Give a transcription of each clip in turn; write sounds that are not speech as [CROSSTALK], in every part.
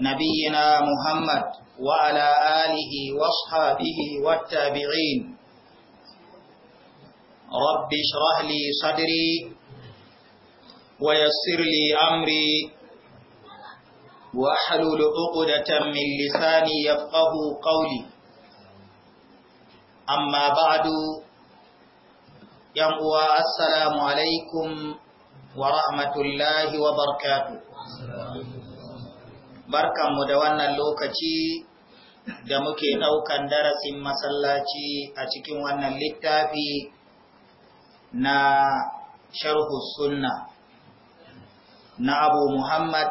نبينا محمد وعلى آله واصحابه والتابعين رب اشرح لي صدري ويسر لي أمري وأحلل عقدة من لساني يفقه قولي أما بعد يمقوى السلام عليكم ورحمة الله وبركاته barkanmu da wannan lokaci da muke ɗaukan darasin masallaci a cikin wannan littafi na sharhu sunna na abu muhammad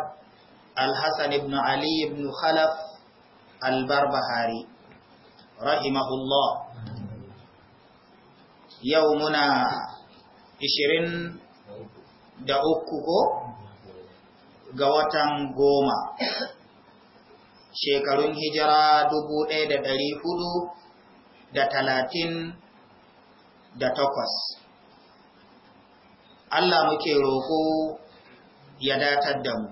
alhassan ibn ali ibn khalaf albarbahari rahimahullah yau muna 23 ko ga watan goma shekarun hijira dubu ɗaya da ɗari hudu da talatin da takwas Allah muke roƙo ya datar da mu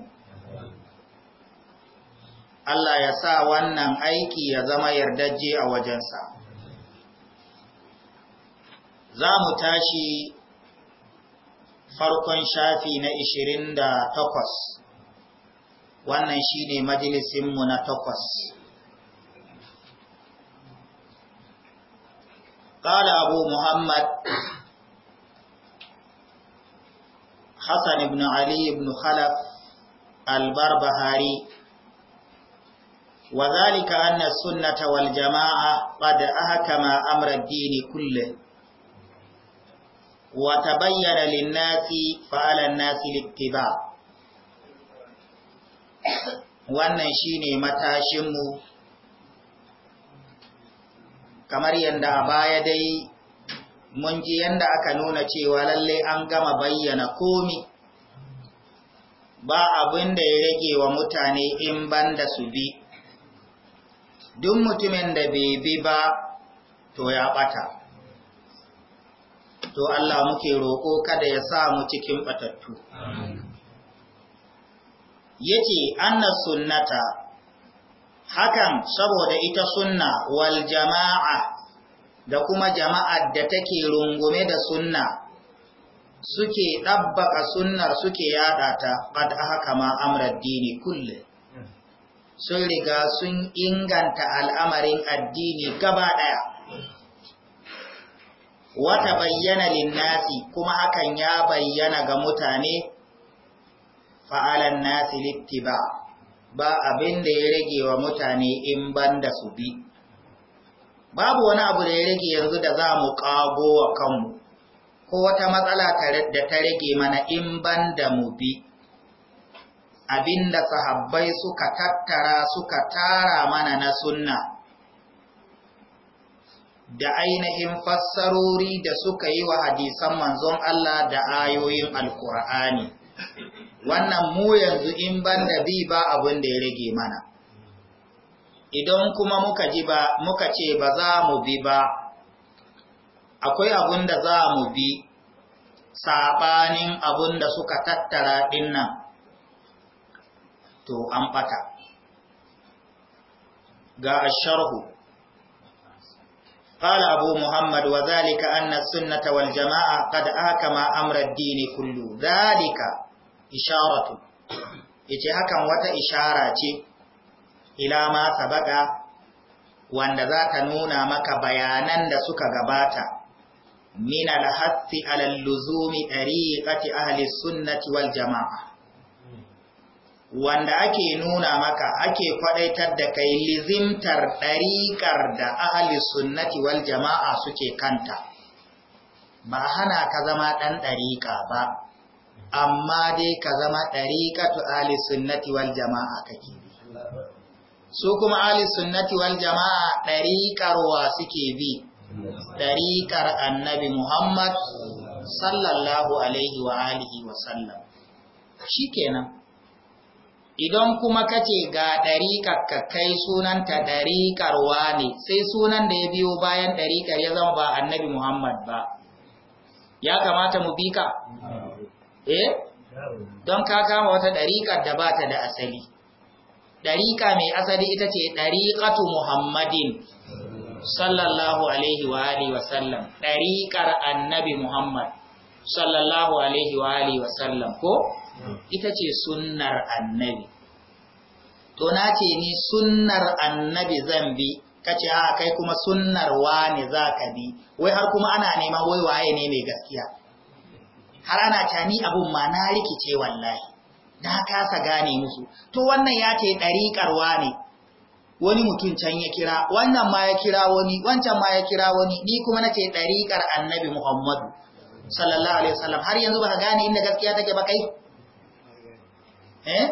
Allah ya sa wannan aiki ya zama yardajje a wajensa za mu tashi farkon shafi na ishirin da takwas wannan shine majalisinmu na takwas قال أبو محمد حسن بن علي بن خلف البربهاري وذلك أن السنة والجماعة قد أهكم أمر الدين كله وتبين للناس فعلى الناس الاتباع wannan shi ne matashinmu kamar yadda a baya dai mun ji yadda aka nuna cewa lallai an gama bayyana komi ba abin da ya rage wa mutane in banda su bi duk mutumin da bai bi ba to ya bata to Allah muke roƙo kada ya sa mu cikin batattu. yace anna sunnata hakan saboda ita sunna wal jama'a da kuma jama'ar da take rungume da sunna suke ɗabbaka sunnar suke yada ta qad haka ma amrad dini kulli sun riga sun inganta al'amarin addini gaba daya wata bayyana linnasi kuma hakan ya bayyana ga mutane fa'alan nasi littiba ba abin da ya rage wa mutane in banda su bi babu wani abu da ya rage yanzu da za mu ƙago wa kanmu ko wata matsala da ta rage mana in banda mu bi abin da sahabbai suka tattara suka tara mana na sunna da ainihin fassarori da suka yi wa hadisan manzon Allah da ayoyin Alƙur'ani. wannan mu yanzu in ban da bi ba abin da ya rage mana idan kuma muka ji ba muka ce ba za mu bi ba akwai abin da za mu bi saɓanin abin da suka tattara ɗinnan, to an ɓata ga asharhu قال أبو محمد وذلك أن السنة والجماعة قد آكما أمر الدين كله ذلك isharatu yace hakan wata ishara ce ila ma sabaka wanda za ta nuna maka bayanan da suka gabata min alhassi ala luzumi tariqati ahli sunnati wal jamaa wanda ake nuna maka ake kwadaitar da kai lizimtar ɗariƙar da ahli sunnati wal jama'a suke kanta ba hana ka zama ɗan ɗariƙa ba amma dai ka zama ɗariƙatu ahli sunnati wal jama'a kake bi su kuma ahli sunnati wal jama'a ɗariƙar suke bi ɗariƙar annabi Muhammad sallallahu alaihi wa alihi wa sallam kenan, idan kuma kace ga ɗariƙar ka kai sunanta ɗariƙar ne, sai sunan da ya biyo bayan ɗariƙar ya zama ba annabi Muhammad ba ya kamata mu bi ka eh don ka kama wata ɗariƙar da ba ta da asali ɗariƙa mai asali ita ce ɗariƙatu muhammadin sallallahu alaihi wa alihi wa sallam ɗariƙar annabi muhammad sallallahu alaihi wa alihi wa sallam ko ita ce sunnar annabi to na ce ni sunnar annabi zan bi kace a kai kuma sunnar wani za ka bi wai har kuma ana neman wai waye ne mai gaskiya har ana ta ni abun ma na rikice wallahi na kasa gane musu to wannan ya ce ɗariƙarwa ne wani mutum can ya kira wannan ma ya kira wani wancan ma ya kira wani ni kuma na ce dariƙar annabi muhammadu sallallahu alaihi wasallam har yanzu ba ka gane inda gaskiya take ba kai eh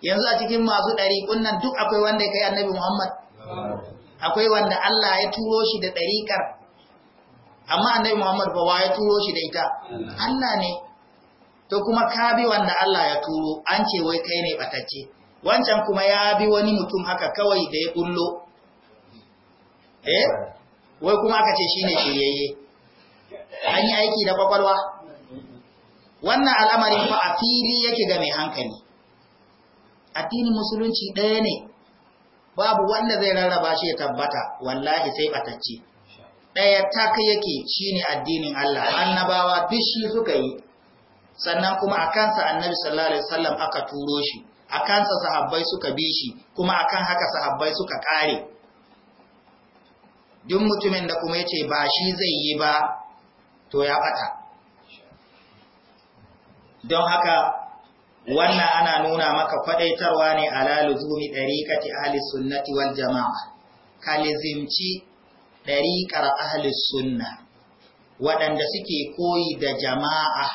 yanzu a cikin masu ɗariƙun nan duk akwai wanda ya kai annabi muhammad akwai wanda allah ya turo shi da ɗariƙar amma annabi Muhammad ba wa ya turo shi da ita Allah ne to kuma ka bi wanda Allah ya turo an ce wai kai ne batacce wancan kuma ya bi wani mutum haka kawai da ya bullo eh wai kuma aka ce shine shiryayye an yi aiki da kwakwalwa wannan al'amarin fa a fili yake ga mai hankali addinin musulunci ɗaya ne babu wanda zai rarraba shi ya tabbata wallahi sai batacce ɗaya tak yake shine addinin Allah annabawa duk shi suka yi sannan kuma a kansa annabi sallallahu alaihi wasallam aka turo shi a kansa sahabbai suka bi shi kuma akan haka sahabbai suka ƙare. duk mutumin da kuma yace ba shi zai yi ba to ya ɓata. don haka wannan ana nuna maka faɗaitarwa ne a luzumi dariqati ahli sunnati wal jamaa kalizimci ɗariƙar ahalis sunna waɗanda suke koyi da jama'a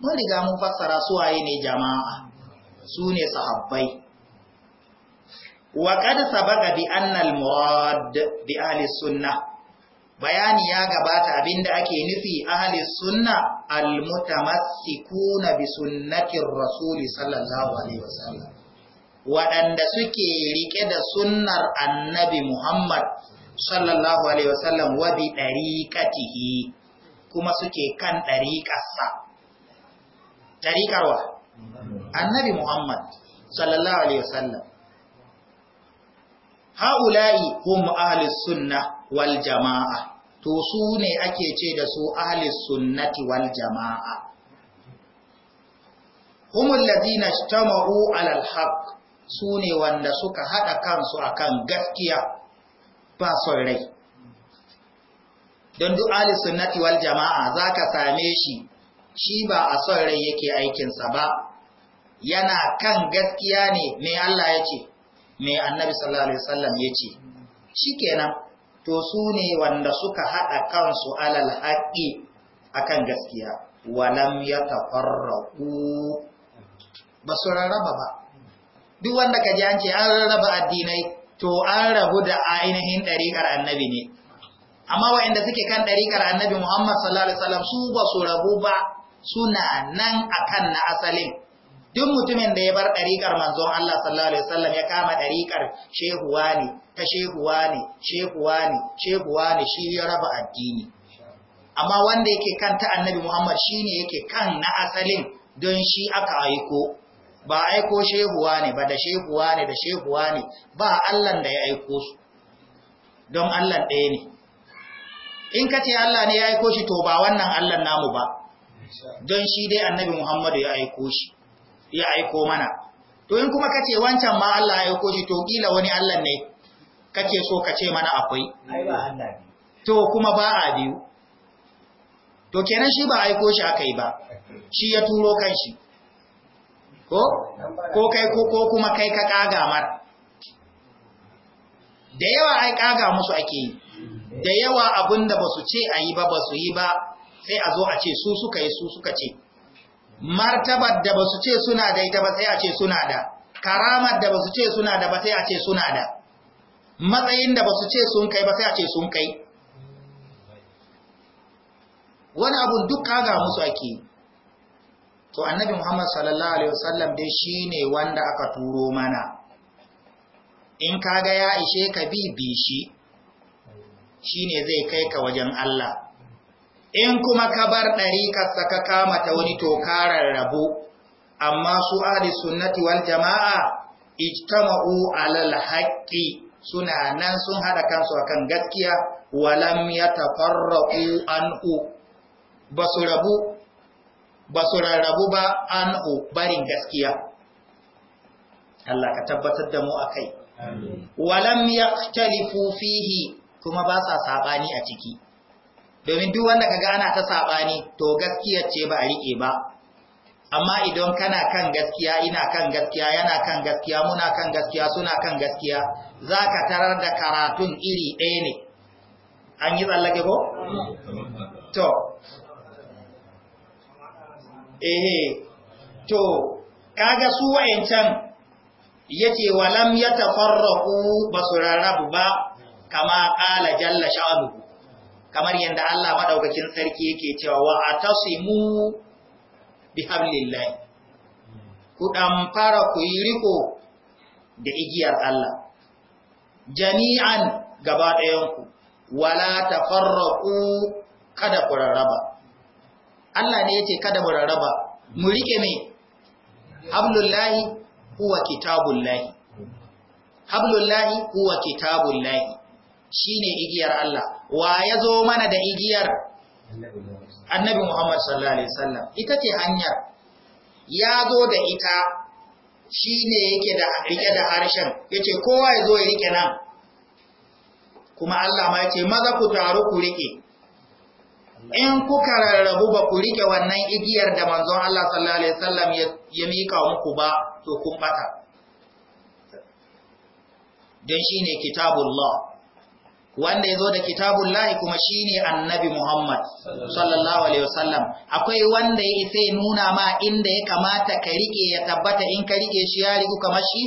mun riga mun fassara suwaye ne jama'a su ne sahabbai wa qad sabaqa bi al murad bi ahli sunna bayani ya gabata abinda ake nufi ahli sunna al mutamassikuna bi sunnatir rasul sallallahu alaihi wasallam waɗanda suke rike da sunnar annabi Muhammad sallallahu alaihi wasallam wa bi dariqatihi kuma suke kan dariqarsa dariqarwa annabi Muhammad sallallahu alaihi wasallam haula'i hum ahli sunna wal jamaa to su ne ake ce da su ahli sunnati wal jamaa humul ladina ijtama'u ala al haqq su ne wanda suka haɗa kansu akan gaskiya ba son rai don du'ali sunnati wal jama'a za ka same shi shi ba a son rai yake aikinsa ba yana kan gaskiya ne mai Allah ya ce mai annabi sallallahu alaihi wasallam ya ce shi kenan to su ne wanda suka haɗa kansu alal haƙi akan gaskiya walam ya tafarraku ba su rarraba ba duk wanda ka ji an ce an rarraba addinai to an rabu da ainihin ɗariƙar annabi ne amma waɗanda suke kan ɗariƙar annabi muhammad sallallahu alaihi wasallam su ba su rabu ba suna nan akan na asalin duk mutumin da ya bar ɗariƙar manzon Allah sallallahu alaihi wasallam ya kama ɗariƙar shehuwa ne ta shehuwa ne shehuwa ne shehuwa ne shi ya raba addini amma wanda yake kan ta annabi muhammad shine yake kan na asalin don shi aka aiko ba aiko shehuwa ne ba da shehuwa ne da shehuwa ne ba Allahn da ya aiko su don allah ɗaya ne in ka ce Allah ne ya aiko shi to ba wannan allah namu ba don shi dai annabi Muhammadu ya aiko shi ya aiko mana to in kuma ka ce wancan ma Allah ya aiko shi to kila wani Allah ne kake so ka ce mana akwai to kuma ba a biyu to kenan shi ba aiko shi aka yi ba shi ya turo kan shi. ko ko kai ko ko kuma kai ka kaga mar da yawa ai kaga musu ake yi da yawa abinda ba su ce ayi ba ba su yi ba sai a zo a ce su suka yi su suka ce martabar da ba su ce suna da ita ba sai a ce suna da karamar da ba su ce suna da ba sai a ce suna da matsayin da ba su ce sun kai ba sai a ce sun kai wani abun duk kaga musu ake yi to annabi Muhammad sallallahu alaihi wasallam dai shine wanda aka turo mana in kaga ya ishe ka bi bi shi shine zai kai ka wajen Allah in kuma ka bar dariƙar saka kama ta wani tokarar rabu amma su ahli sunnati wal jama'a ijtama'u alal haqqi suna nan sun hada kansu akan gaskiya walam yatafarraqu anhu basu rabu ba su rarrabu ba an barin gaskiya Allah ka tabbatar da mu akai walam yaktalifu fihi kuma ba sa sabani a ciki domin duk wanda ka gana ta saɓani, to gaskiya ce ba a riƙe ba amma idan kana kan gaskiya ina kan gaskiya yana kan gaskiya muna kan gaskiya suna kan gaskiya zaka tarar da karatun iri ɗaya ne an yi tsallake ko to ehe to kaga su wayancan yace walam yatafarraqu basurarabu ba kama qala jalla sha'abu kamar yadda Allah madaukakin sarki yake cewa wa atasimu bihablillahi ku dan fara ku yi riko da igiyar Allah jami'an gaba ku wala tafarraqu kada ku rarraba Allah ne yake kada mu rarraba mu rike me hablullahi huwa kitabullahi hablullahi huwa kitabullahi shine igiyar Allah wa yazo mana da igiyar annabi Muhammad sallallahu alaihi wasallam ita ce hanyar yazo da ita shine yake da rike da harshen yace kowa yazo ya rike nan kuma Allah ma yace maza ku taru ku rike in kuka rarrabu ba ku rike wannan igiyar da manzon Allah sallallahu alaihi wasallam ya mika muku ba to kun bata don shine kitabullah wanda yazo da kitabullah kuma shine annabi Muhammad sallallahu alaihi wasallam akwai wanda ya isa nuna ma inda ya kamata ka rike ya tabbata in ka rike shi ya riku kamar shi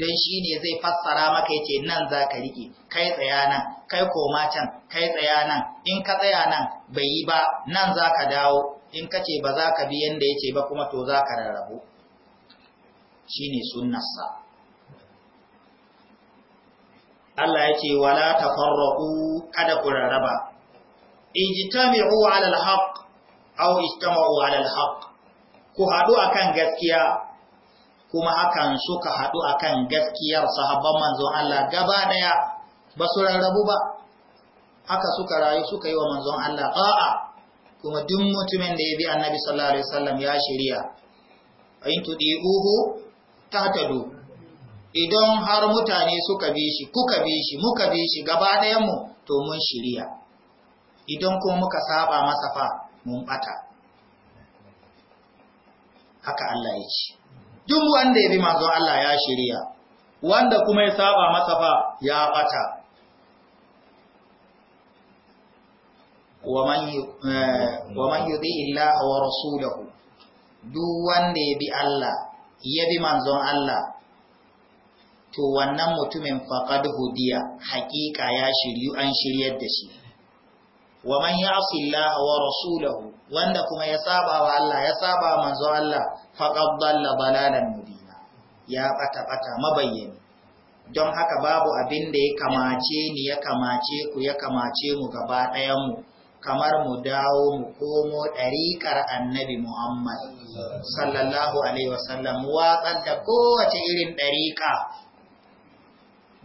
don shi ne zai fassara maka ya nan za ka riƙe kai tsaya nan kai koma can kai tsaya nan in ka tsaya nan bai yi ba nan za ka dawo in ka ce ba za ka bi yadda ya ce ba kuma to za ka rarrabu shi ne sunnarsa Allah ya wala tafarraqu kada ku rarraba ijtami'u 'ala al aw ijtama'u 'ala al ku haɗu akan gaskiya kuma hakan suka haɗu akan gaskiyar sahabban manzon Allah gaba ɗaya ba su rarrabu ba haka suka rayu suka yi wa manzon Allah ta'a kuma duk mutumin da ya bi annabi sallallahu alaihi wasallam ya shirya in ta tahtadu idan har mutane suka bi shi kuka bi shi muka bi shi gaba ɗayan mu to mun shirya idan kuma muka saba masa fa mun bata haka Allah ya ce duk wanda ya bi manzon Allah ya shirya wanda kuma ya saba masa fa ya bata wa man yudi eh, Allah wa rasulahu duk wanda ya bi Allah ya bi manzon Allah to wannan mutumin faƙad hudiya haƙiƙa ya shiryu an shiryar da shi wa man ya'si Allah wa rasulahu wanda kuma ya saba wa Allah ya saba manzo Allah faqad dalla dalalan mubina ya bata bata mabayyani don haka babu abin da ya kamace ni ya kamace ku ya kamace mu gaba ɗayan mu kamar mu dawo mu komo ɗariƙar annabi Muhammad sallallahu alaihi wasallam watsar da kowace irin ɗariƙa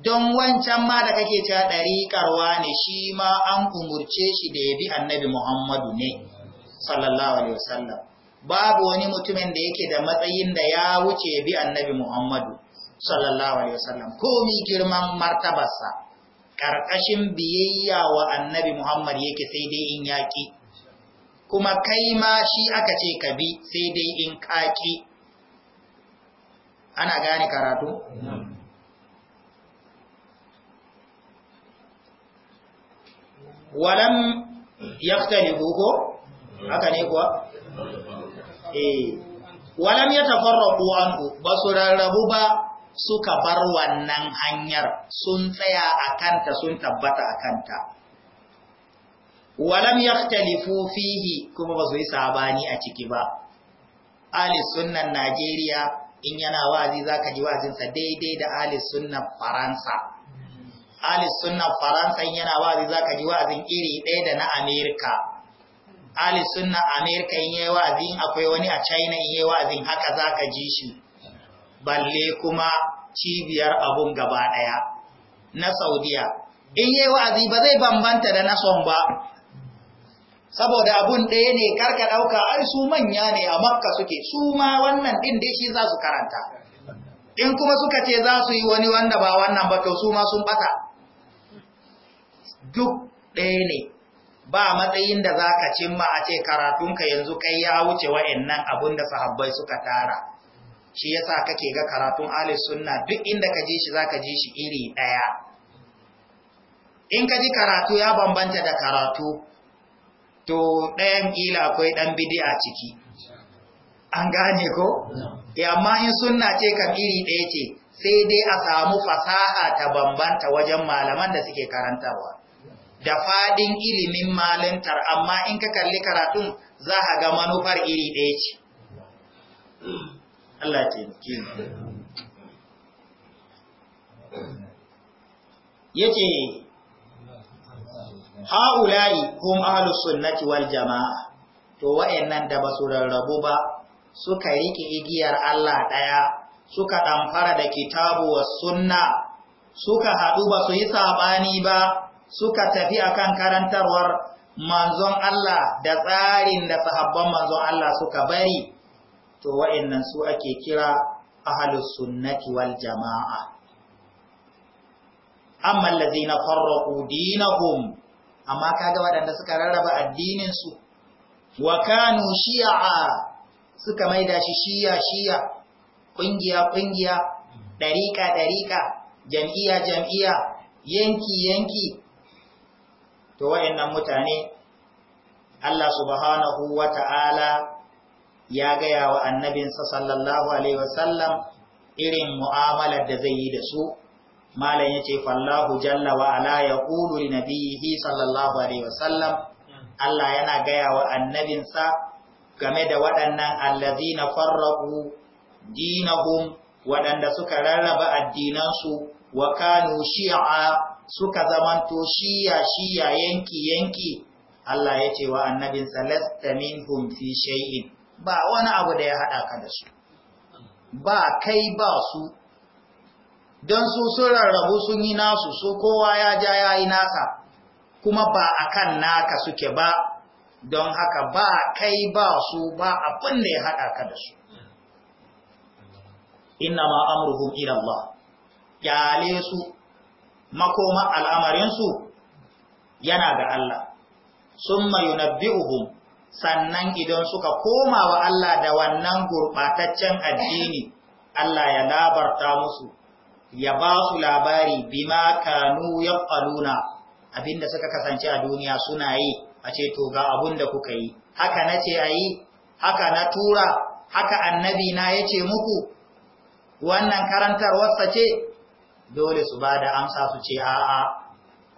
don wancan ma da kake cewa ɗariƙar ne shi ma an umurce shi da ya bi annabi Muhammadu ne sallallahu alaihi wasallam babu wani mutumin da yake da matsayin da ya wuce bi annabi Muhammadu sallallahu alaihi wasallam komi girman martabarsa karkashin biyayya wa annabi Muhammad yake sai dai in yaki kuma kai ma shi aka ce ka bi sai dai in kaki ana gane karatu walam yaftalihu ko haka ne kuwa eh walam yatafarraqu anhu su rarrabu ba suka bar wannan hanyar sun tsaya akanta sun tabbata a kanta. walam yakhtalifu fihi kuma ba su yi sabani a ciki ba ahli sunnan Najeriya in yana wazi zaka ji wazinsa daidai da ahli sunnan Faransa ahli sunnan Faransa yana wazi zaka ji wazin iri ɗaya da na Amerika ali sunna amerika in yayi wa'azi akwai wani a china in yayi wa'azin haka zaka ji shi balle kuma cibiyar abun gaba daya na saudiya in yayi wa'azi ba zai bambanta da na son ba saboda abun ɗaya ne karka ɗauka ai su manya ne a makka suke su ma wannan ɗin dai shi za karanta in kuma suka ce za su yi wani wanda ba wannan ba to su ma sun bata duk ɗaya ne ba matsayin da za ka cimma a ce karatunka yanzu kai ya wuce nan abin da sahabbai suka tara shi ya sa kake ga karatun ali suna, duk inda ka ji shi za ka ji shi iri ɗaya. in ka ji karatu ya bambanta da karatu to ɗayan kila akwai ɗan bidi a ciki an gane ko Yamma eh, amma in sunna ce kan iri ɗaya ce sai dai a samu fasaha ta bambanta wajen malaman da suke karantarwa da fadin ilimin malintar amma in ka kalli karatun za a ga manufar iri ɗaya ce Allah ce ce, Ha’ulayi hum ahlus sunnati wal jama'a to nan da basu rarrabu ba suka riƙe igiyar Allah ɗaya, suka ɗamfara da kitabu wa sunna suka haɗu ba su yi saɓani ba suka tafi akan karantarwar manzon Allah da tsarin da sahabban manzon Allah suka bari to wa'annan su ake kira ahlus sunnati wal jama'a amma allazina farraqu dinahum amma kaga waɗanda suka rarraba addinin su wa kanu shi'a suka maida shi shiya shiya ƙungiya-ƙungiya, Ɗariƙa-Ɗariƙa, jam'iya jam'iya yanki yanki to wayannan mutane Allah subhanahu wa ta'ala ya gaya wa annabinsa sallallahu alaihi wasallam irin mu'amalar da zai yi da su malam yace fallahu jalla wa ala yaqulu li nabiyhi sallallahu alaihi wasallam Allah yana gaya wa annabinsa game da waɗannan allazina farraqu dinahum waɗanda suka rarraba addinansu wa kanu shi'a suka zamanto shiya shiya yanki yanki Allah ya ce wa annabin salasta minhum fi shay'in ba wani abu da ya hada ka da su ba kai ba su don su sun rarrabu sun yi nasu su kowa ya ja ya yi nasa kuma ba akan naka suke ba don haka ba kai ba su ba abin da ya hada ka da su inna ma amruhum ila Allah ya su makoma al'amarinsu yana ga Allah sun mayunabbi'uhum sannan idan suka koma wa Allah da wannan gurɓataccen addini Allah ya labarta musu ya ba su labari bima kanu ya abinda suka kasance a duniya suna yi a ce to ga abun da kuka yi haka na ce a yi haka na tura haka annabi na ya ce muku wannan karantar wasa ce dole su ba da amsa su ce a'a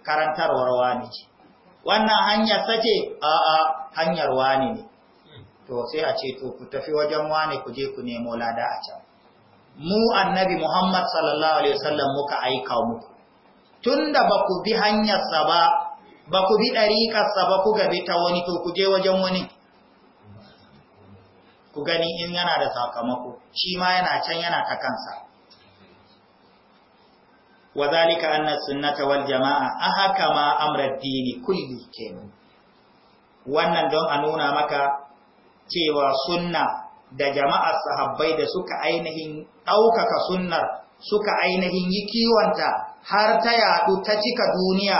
karantarwar wani ce wannan hanyar sace a'a hanyar wani ne to sai a ce to ku tafi wajen wani ku je ku nemo lada a can mu annabi Muhammad sallallahu alaihi wasallam muka aika muku tunda ba ku bi hanyarsa ba ba ku bi ɗariƙarsa ba ku gabe ta wani to ku je wajen wani ku gani in yana da sakamako shi ma yana can yana ta kansa wa zalika anna sunnata wal jama'a ahkama amra dini kenan wannan don a nuna maka cewa sunna da jama'ar sahabbai da suka ainihin ɗaukaka sunnar suka ainihin yi kiwanta har ta yaɗu ta cika duniya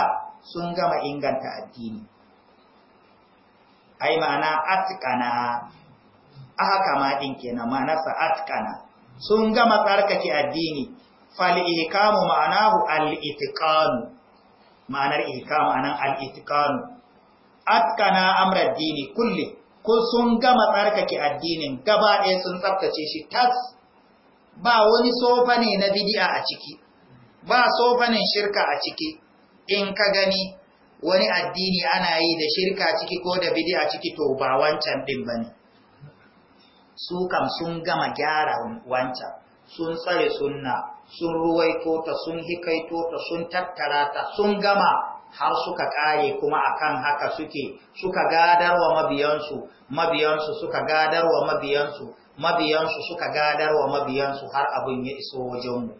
sun gama inganta addini ai ma'ana atkana ahkama kenan ma'ana sa atkana sun gama tsarkake addini fal'ihikamu ma'anahu al'itikanu ma'anar ihikamu anan al'itikanu atkana amrar dini kulle kun sun gama tsarkake addinin gaba ɗaya sun tsabtace shi tas ba wani sofa ne na bidiya a ciki ba sofanin shirka a ciki in ka gani wani addini ana yi da shirka ciki ko da bidi'a ciki to ba wancan ɗin ba ne su kam sun gama gyara wancan sun tsare sunna sun ruwaito ta sun hikaito ta sun tattara ta sun gama har suka kare kuma akan haka suke suka gadarwa mabiyansu mabiyansu suka gadarwa mabiyansu mabiyansu suka gadarwa mabiyansu har abin ya iso wajenmu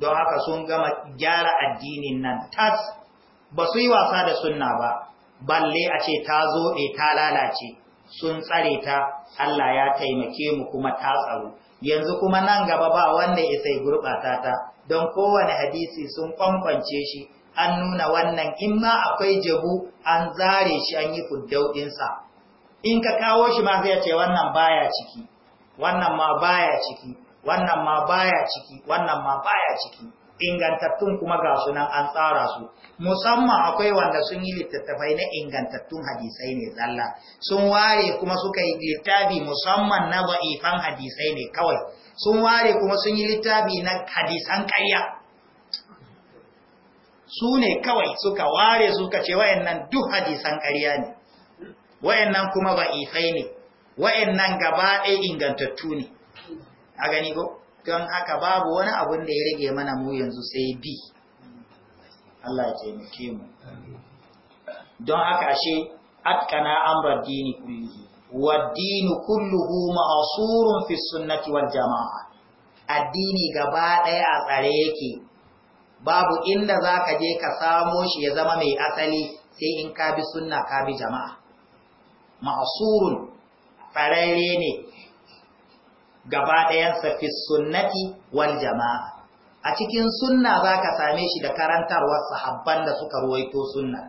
don haka sun gama gyara addinin nan tas ba su yi wasa da sunna ba balle a ce ta zoɗe ta lalace sun tsare ta Allah ya taimake mu kuma ta tsaro yanzu kuma nan gaba ba wanda ya sai gurɓata ta don kowane hadisi sun kwankwance shi an nuna wannan in ma akwai jabu an zare shi an yi kuddaudinsa in ka kawo shi ma zai ce wannan baya ciki wannan ma baya ciki wannan ma baya ciki wannan ma baya ciki ingantattun kuma ga sunan an tsara su musamman akwai wanda sun yi littattafai na ingantattun hadisai ne zalla sun ware kuma suka yi littafi musamman na ba'ifan hadisai ne kawai sun ware kuma sun yi littafi na hadisan kariya su ne kawai suka ware suka ce nan duk hadisan kariya ne nan kuma ba'ifai ne nan gaba ɗaya ingantattu ne a gani ko don haka babu wani abun da ya rage mana mu yanzu sai bi Allah ya taimake mu don haka ashe atkana amrar dini Wa waddini kulluhu ma'asurun fi sunnati wal jama'a addini gaba ɗaya a tsare yake babu inda za ka je ka samo shi ya zama mai asali sai in ka bi sunna ka bi jama'a ma'asurun tsararre ne gaba ɗayan fi sunnati wal jama'a a cikin sunna za ka same shi da karantarwar sahabban da suka ruwaito sunna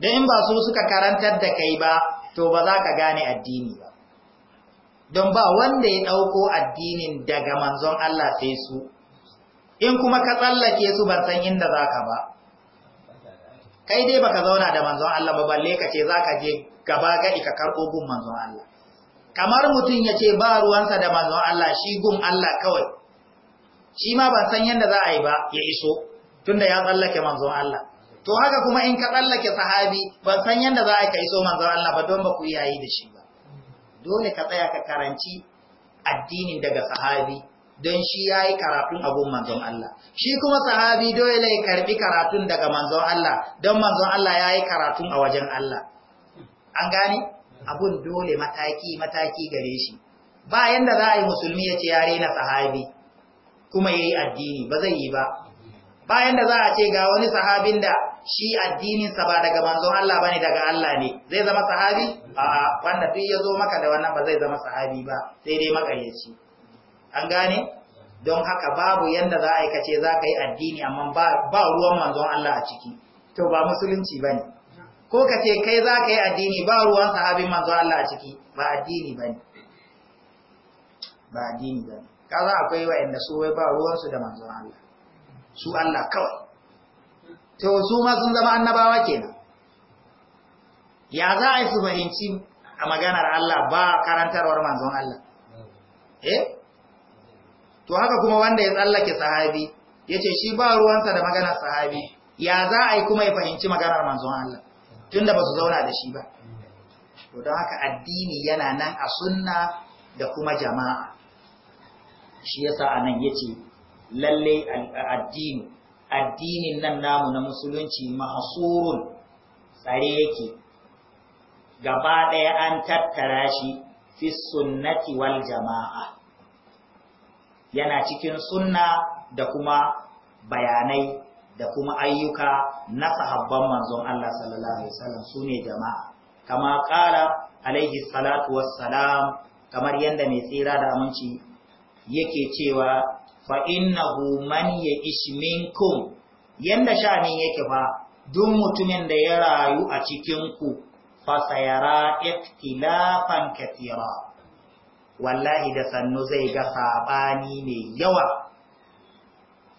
don in ba su suka karantar da kai ba to ba za ka gane addini ba don ba wanda ya ɗauko addinin daga manzon Allah sai su in kuma ka tsallake su ban san inda za ka ba kai dai baka zauna da manzon Allah ba balle ka ce za ka je gaba ga ka karɓo manzon Allah kamar mutum ya ce ba ruwansa da manzon Allah shi gun Allah kawai shi ma ban san yadda za a yi ba ya iso tunda ya tsallake manzon Allah to haka kuma in ka tsallake sahabi ban san yadda za a ka iso manzon Allah ba don ba ku yayi da shi ba dole ka tsaya ka karanci addinin daga sahabi don shi ya yi karatun abun manzon Allah shi kuma sahabi dole ya karbi karatun daga manzon Allah don manzon Allah ya yi karatun a wajen Allah an gane abun dole mataki mataki gare shi ba yanda za a yi musulmi ya ce yare na sahabi kuma ya yi addini ba zai yi ba ba yanda za a ce ga wani sahabin da shi addininsa ba daga manzon Allah ba daga Allah ne zai zama sahabi a wanda duk ya zo maka da wannan ba zai zama sahabi ba sai dai makayyaci an gane don haka babu yanda za a kace za ka yi addini amma ba ruwan manzon Allah a ciki to ba musulunci ba ne ko ka ce kai za ka yi addini ba ruwan sahabin manzo Allah a ciki ba addini ba ne ba addini ba ne ka za akwai inda su wai ba ruwansu da manzo Allah su Allah kawai to su ma sun zama annabawa kenan ya za a yi su fahimci a maganar Allah ba karantarwar manzon Allah eh to haka kuma wanda ya tsallake sahabi ya ce shi ba ruwansa da maganar sahabi ya za a yi kuma ya fahimci maganar manzon Allah tunda ba su zauna da shi ba to don haka addini yana nan a sunna da kuma jama'a shi yasa anan yace lallai addini addinin nan namu na musulunci mahsurun tsare yake gaba ɗaya an tattara shi fi sunnati wal jama'a yana cikin sunna da kuma bayanai da kuma ayyuka na sahabban manzon Allah sallallahu alaihi wasallam sune jama'a kama qala alaihi salatu wassalam kamar yanda mai tsira da aminci yake cewa fa innahu man ya'ish minkum yanda sha'anin yake fa duk mutumin da ya rayu a cikin ku fa sayara ikhtilafan katira wallahi da sannu zai ga sabani mai yawa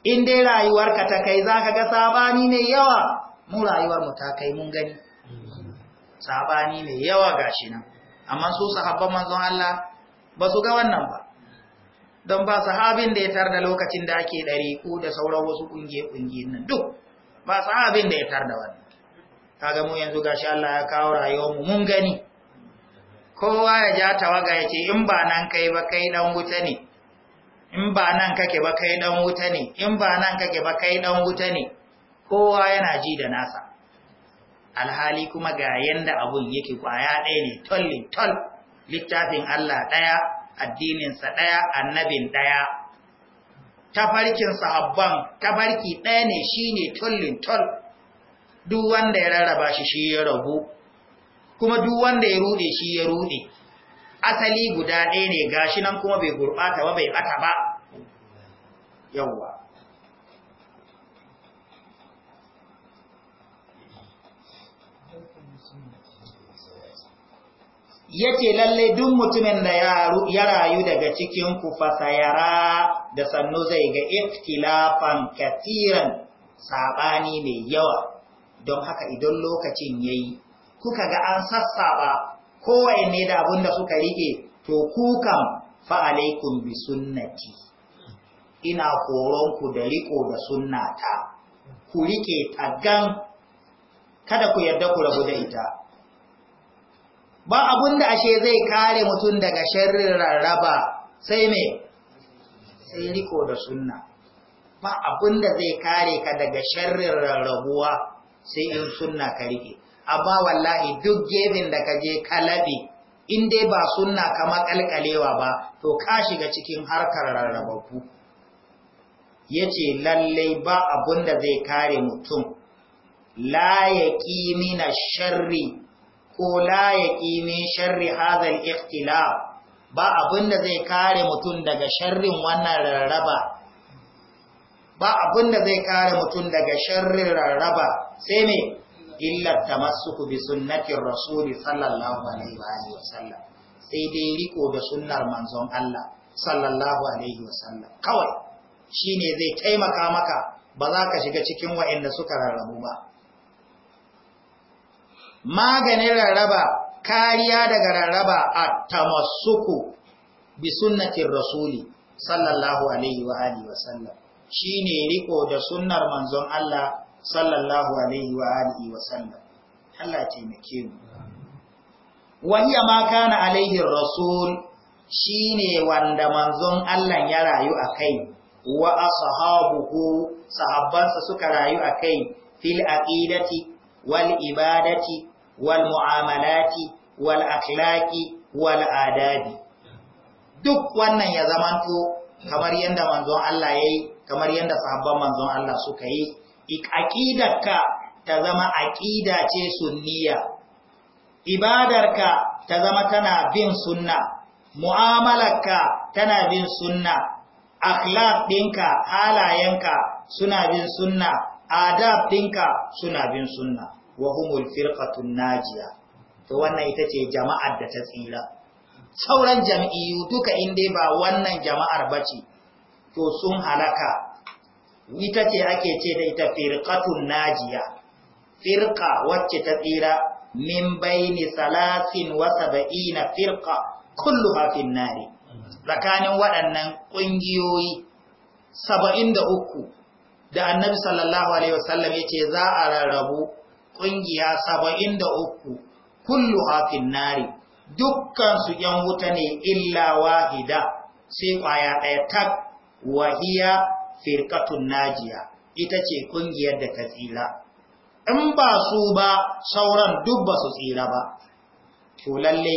in dai rayuwarka ta kai za ka ga sabani mai yawa mu rayuwarmu ta kai mun gani sabani mai yawa gashi nan amma su sahabban manzon Allah ba su ga wannan ba don ba sahabin da ya tarda lokacin da ake ku da sauran wasu ƙungiye-ƙungiye nan duk ba sahabin da ya tarda wannan kaga mu yanzu gashi Allah ya kawo rayuwarmu mun gani kowa ya ja tawaga ya ce in ba nan kai ba kai dan wuta ne in ba nan kake ba kai dan wuta ne in ba nan kake ba kai dan wuta ne kowa yana ji da nasa alhali kuma ga yanda abun yake kwaya ɗaya ne tollin tol, littafin Allah ɗaya addininsa ɗaya annabin ɗaya tafarkin sahabban tafarki ɗaya ne shine tollin tol. duk wanda ya rarraba shi shi ya rabu kuma duk wanda ya rude shi ya rude asali guda ɗaya ne gashi nan kuma bai gurɓata ba bai ɓata ba yawwa yace lalle duk mutumin da ya rayu daga cikin ku fasayara da sannu zai ga iftilafan katiran saɓani mai yawa don haka idan lokacin yayi kuka ga an sassaɓa? kowanne da abin da suka rike to kukan fa'alaikun bi sunnati ina horonku da riko da sunnata ku rike tagan kada ku yarda ku rabu da ita ba abun da ashe zai kare mutum daga sharrin rarraba sai me sai riko da sunna ba abun da zai kare ka daga sharrin rarrabuwa sai in sunna ka rike amma wallahi duk gefen da ka je ka in dai ba sunna kama kalkalewa ba to ka shiga cikin harkar rarrabaku. ya ce lallai ba abun da zai kare mutum la ya na sharri ko la ya min sharri hazal ikhtilaf ba abun da zai kare mutum daga sharrin wannan rarraba ba abun da zai kare mutum daga sharrin rarraba sai me illa tamassuku bi sunnatir rasuli sallallahu alaihi wa alihi wasallam sai dai riko da sunnar manzon Allah sallallahu alaihi wasallam kawai shine zai taimaka maka ba za ka shiga cikin wa'anda suka rarrabu ba maganin rarraba kariya daga rarraba a tamassuku bi sunnatir rasuli sallallahu alaihi wa alihi wasallam shine riko da sunnar manzon Allah sallallahu alaihi wa alihi wa sallam Allah ya taimake mu ma kana alaihi rasul shine wanda manzon Allah ya rayu akai wa ashabuhu sahabbansa suka rayu akai fil aqidati wal ibadati wal mu'amalati wal akhlaqi wal adabi duk wannan ya zamanto kamar yanda manzon Allah yayi kamar yanda sahabban manzon Allah suka yi aƙidarka ta zama aƙida ce sunniya ibadarka ta zama tana bin sunna mu'amalarka tana bin sunna akhlaq ɗinka halayenka suna bin sunna adab ɗinka suna bin sunna wa humul firqatun najiya to wannan ita ce jama'ar da ta tsira sauran jam'iyyu duka inda ba wannan jama'ar bace to sun halaka ita ce ake ce da ita firqatun najiya firqa wacce ta tsira min baini salasin wa sab'ina firqa kulluha fin nari tsakanin waɗannan ƙungiyoyi 73 da annabi sallallahu alaihi wasallam ce za a rarrabu ƙungiya 73 kulluha fin nari dukkan su yan wuta ne illa wahida sai kwaya ɗaya tak wahiya Firkatun najiya ita ce kungiyar da ta tsira in ba su ba sauran duk ba su tsira ba to lalle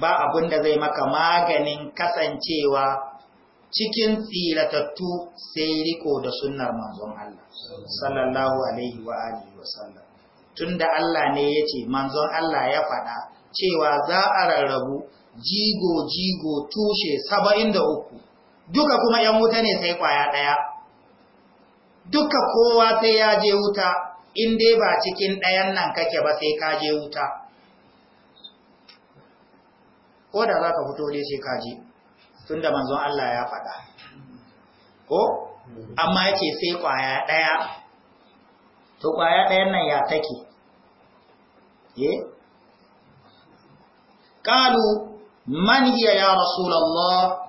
ba abin da zai maka maganin kasancewa cikin tsiratattu sai riko da sunnar manzon Allah sallallahu alaihi wa alihi wa tunda Allah ne yace manzon Allah ya faɗa cewa za a rarrabu jigo jigo tushe 73 duka kuma ‘yan wuta ne sai kwaya ɗaya, duka kowa sai ya je wuta, in dai ba cikin ɗayan nan kake ba sai ka je wuta. Ko da za ka fito dai sai ka je, tun da manzon Allah ya faɗa. Ko? Amma yake sai kwaya ɗaya, to kwaya ɗayan nan ya take. Ye? Eh? Ƙalu, man hiya ya Rasulallah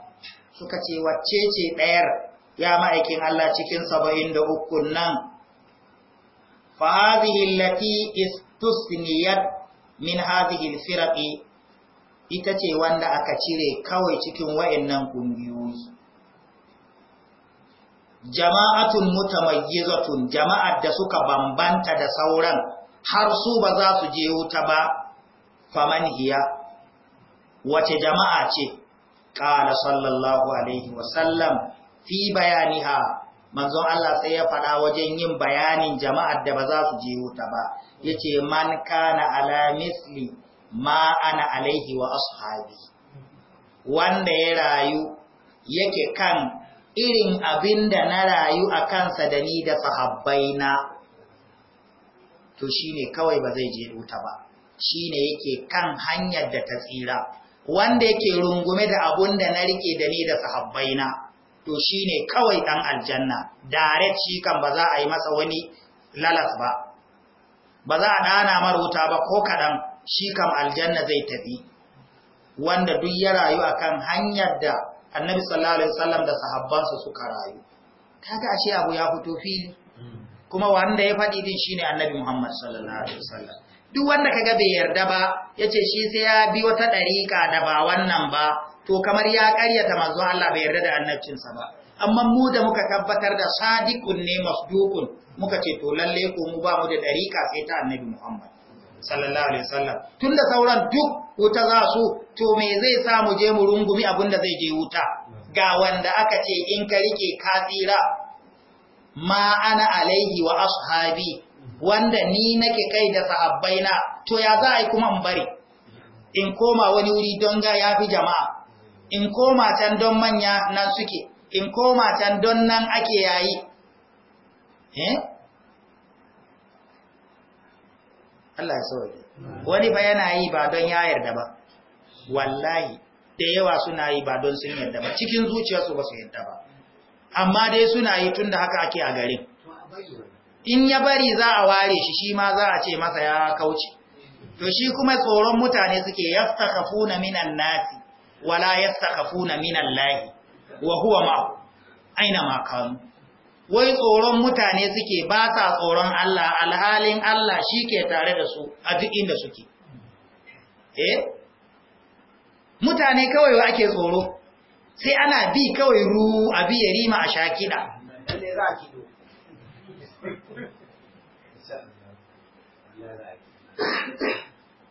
suka ce wacce ce ɗayar ya ma'aikin Allah cikin saba'in da ukun nan fa hadhihi allati istusniyat min hadhihi alfirqi ita ce wanda aka cire kawai cikin wayannan kungiyoyi jama'atun mutamayyizatun jama'ar da suka bambanta da sauran har su ba za su je wuta ba faman hiya wace jama'a ce ƙala sallallahu alaihi wasallam fi bayaniha manzon Allah sai ya faɗa wajen yin bayanin jama'ar da ba za su je wuta ba yace man kana ala misli ma ana alaihi wa ashabi wanda ya rayu yake kan irin abinda na rayu a kansa da ni da sahabbaina to shine kawai ba zai je wuta ba shine yake kan hanyar da ta tsira wanda yake rungume da abun da na rike da ni da sahabbaina to shine kawai dan aljanna direct shi kan ba za a yi masa wani lalas ba ba za a dana maruta ba ko kadan shi kan aljanna zai tafi wanda duk ya rayu akan hanyar da annabi sallallahu alaihi wasallam da sahabbansa suka rayu kaga ashe abu ya fito fili hmm. kuma wanda ya faɗi din shine annabi Muhammad sallallahu alaihi wasallam duk wanda kaga bai yarda ba yace shi sai ya bi wata ɗarika da ba wannan ba to kamar ya ƙaryata manzo Allah bai yarda da annabcinsa ba amma mu da muka tabbatar da sadiqun ne masduqun muka ce to lalle ko mu ba mu da ɗarika sai ta annabi Muhammad sallallahu alaihi wasallam tunda sauran duk wuta za su to me zai sa mu je mu rungumi da zai je wuta ga wanda aka ce in ka rike ka tsira ma ana alaihi wa ashabi wanda ni nake kai da sahabbai na to ya za a yi kuma in bari in koma wani wuri don ga yafi jama'a in koma can don manya nan suke in koma can don nan ake yayi eh Allah ya sauke wani fa yana yi ba don ya yarda ba wallahi da yawa suna yi ba don sun yarda ba cikin zuciyarsu ba su yarda ba amma dai suna yi tunda haka ake a garin in ya bari za a ware shi shi ma za a ce masa ya kauce to shi kuma tsoron mutane suke yastakhafuna minan nasi wala yastakhafuna minan lahi wa huwa ma aina ma kan wai tsoron mutane suke ba sa tsoron Allah alhalin Allah shike tare da su a duk inda suke eh mutane kawai wa ake tsoro sai ana bi kawai ru abi yarima a shakida lalle za ki do ba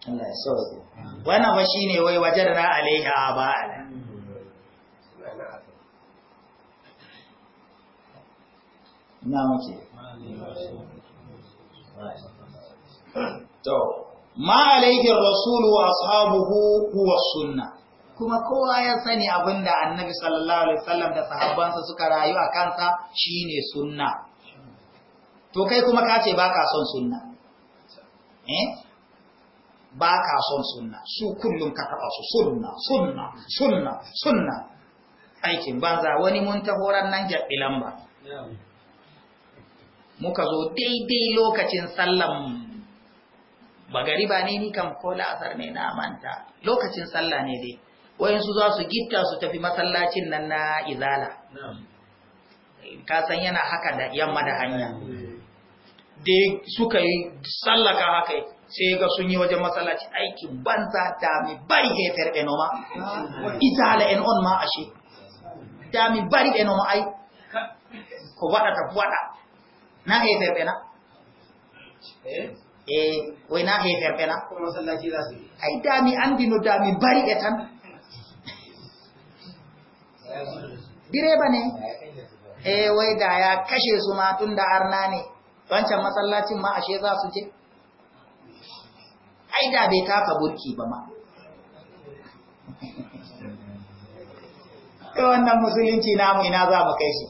shi ne wannan ba shine wai wajarna alaiha aba'ana ina muke to ma alaihi rasulu wa ashabuhu huwa sunna kuma kowa ya sani abinda annabi sallallahu alaihi wasallam da sahabbansa suka rayu a kansa shine sunna to kai kuma ka ce baka son sunna Eh? ba ka son sunna su kullum ka taɓa su sunna sunna sunna sunna aikin banza wani mun ta horar nan jaɓi lamba muka zo daidai lokacin sallan bagari ba ne ni kan ko asar ne na manta lokacin sallah ne dai Wayan su za su gitta su tafi masallacin nan na izala ka san yana haka da yamma da hanya da suka yi tsallaka haka sai ga sun yi wajen matsalaci aiki banza mai bari hefer noma ita hala en on ma ashe mai bari noma ai ko wada ta wada na hefer na. Eh? eh wai na na. su yi ai mai an dino mai bari tan. direba ne eh wai da ya kashe su ma tun da arna ne bancan masallacin ma ashe za su je ai da bai kafa burki ba ma ta wannan musulunci namu ina za mu kai shi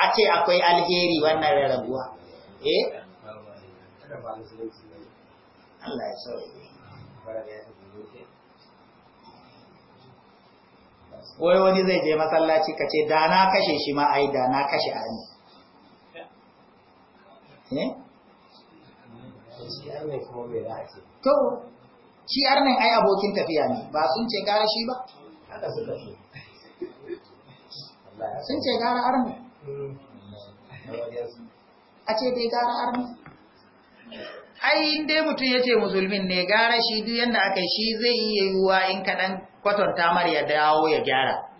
a ce akwai alheri wannan rarrabuwa eh Allah ya sauye wai wani zai je masallaci ka ce da na kashe shi ma ai da na kashe ainihi." Eh? to shi arnin ai abokin tafiya ne ba sun ce gara shi ba sun ce gara arnin a ce dai gara arnin ai inda mutum ya ce musulmin ne gara shi duk yadda aka shi zai iya yiwuwa in kaɗan kwatanta mar ya dawo ya gyara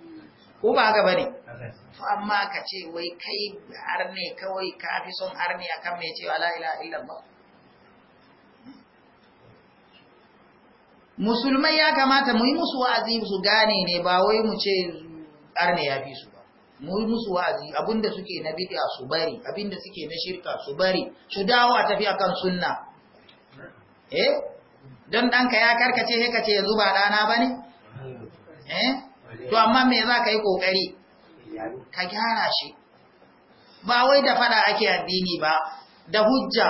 ko ba haka ba ne amma ka ce wai kai har ne kawai ka fi son a kan mai cewa la’ila illan ba? musulmai ya kamata mu yi musu wa'azi su gane ne ba wai mu ce ne ya fi su ba mu yi musu wa'azi abinda suke na bidya su bari abinda suke na shirka su bari su dawo a tafi akan sunna eh don ɗanka ya karkace sai ka ce yanzu ba ba bane eh to amma me za ka yi kokari yaro ka gyara shi ba wai da fada ake addini ba da hujja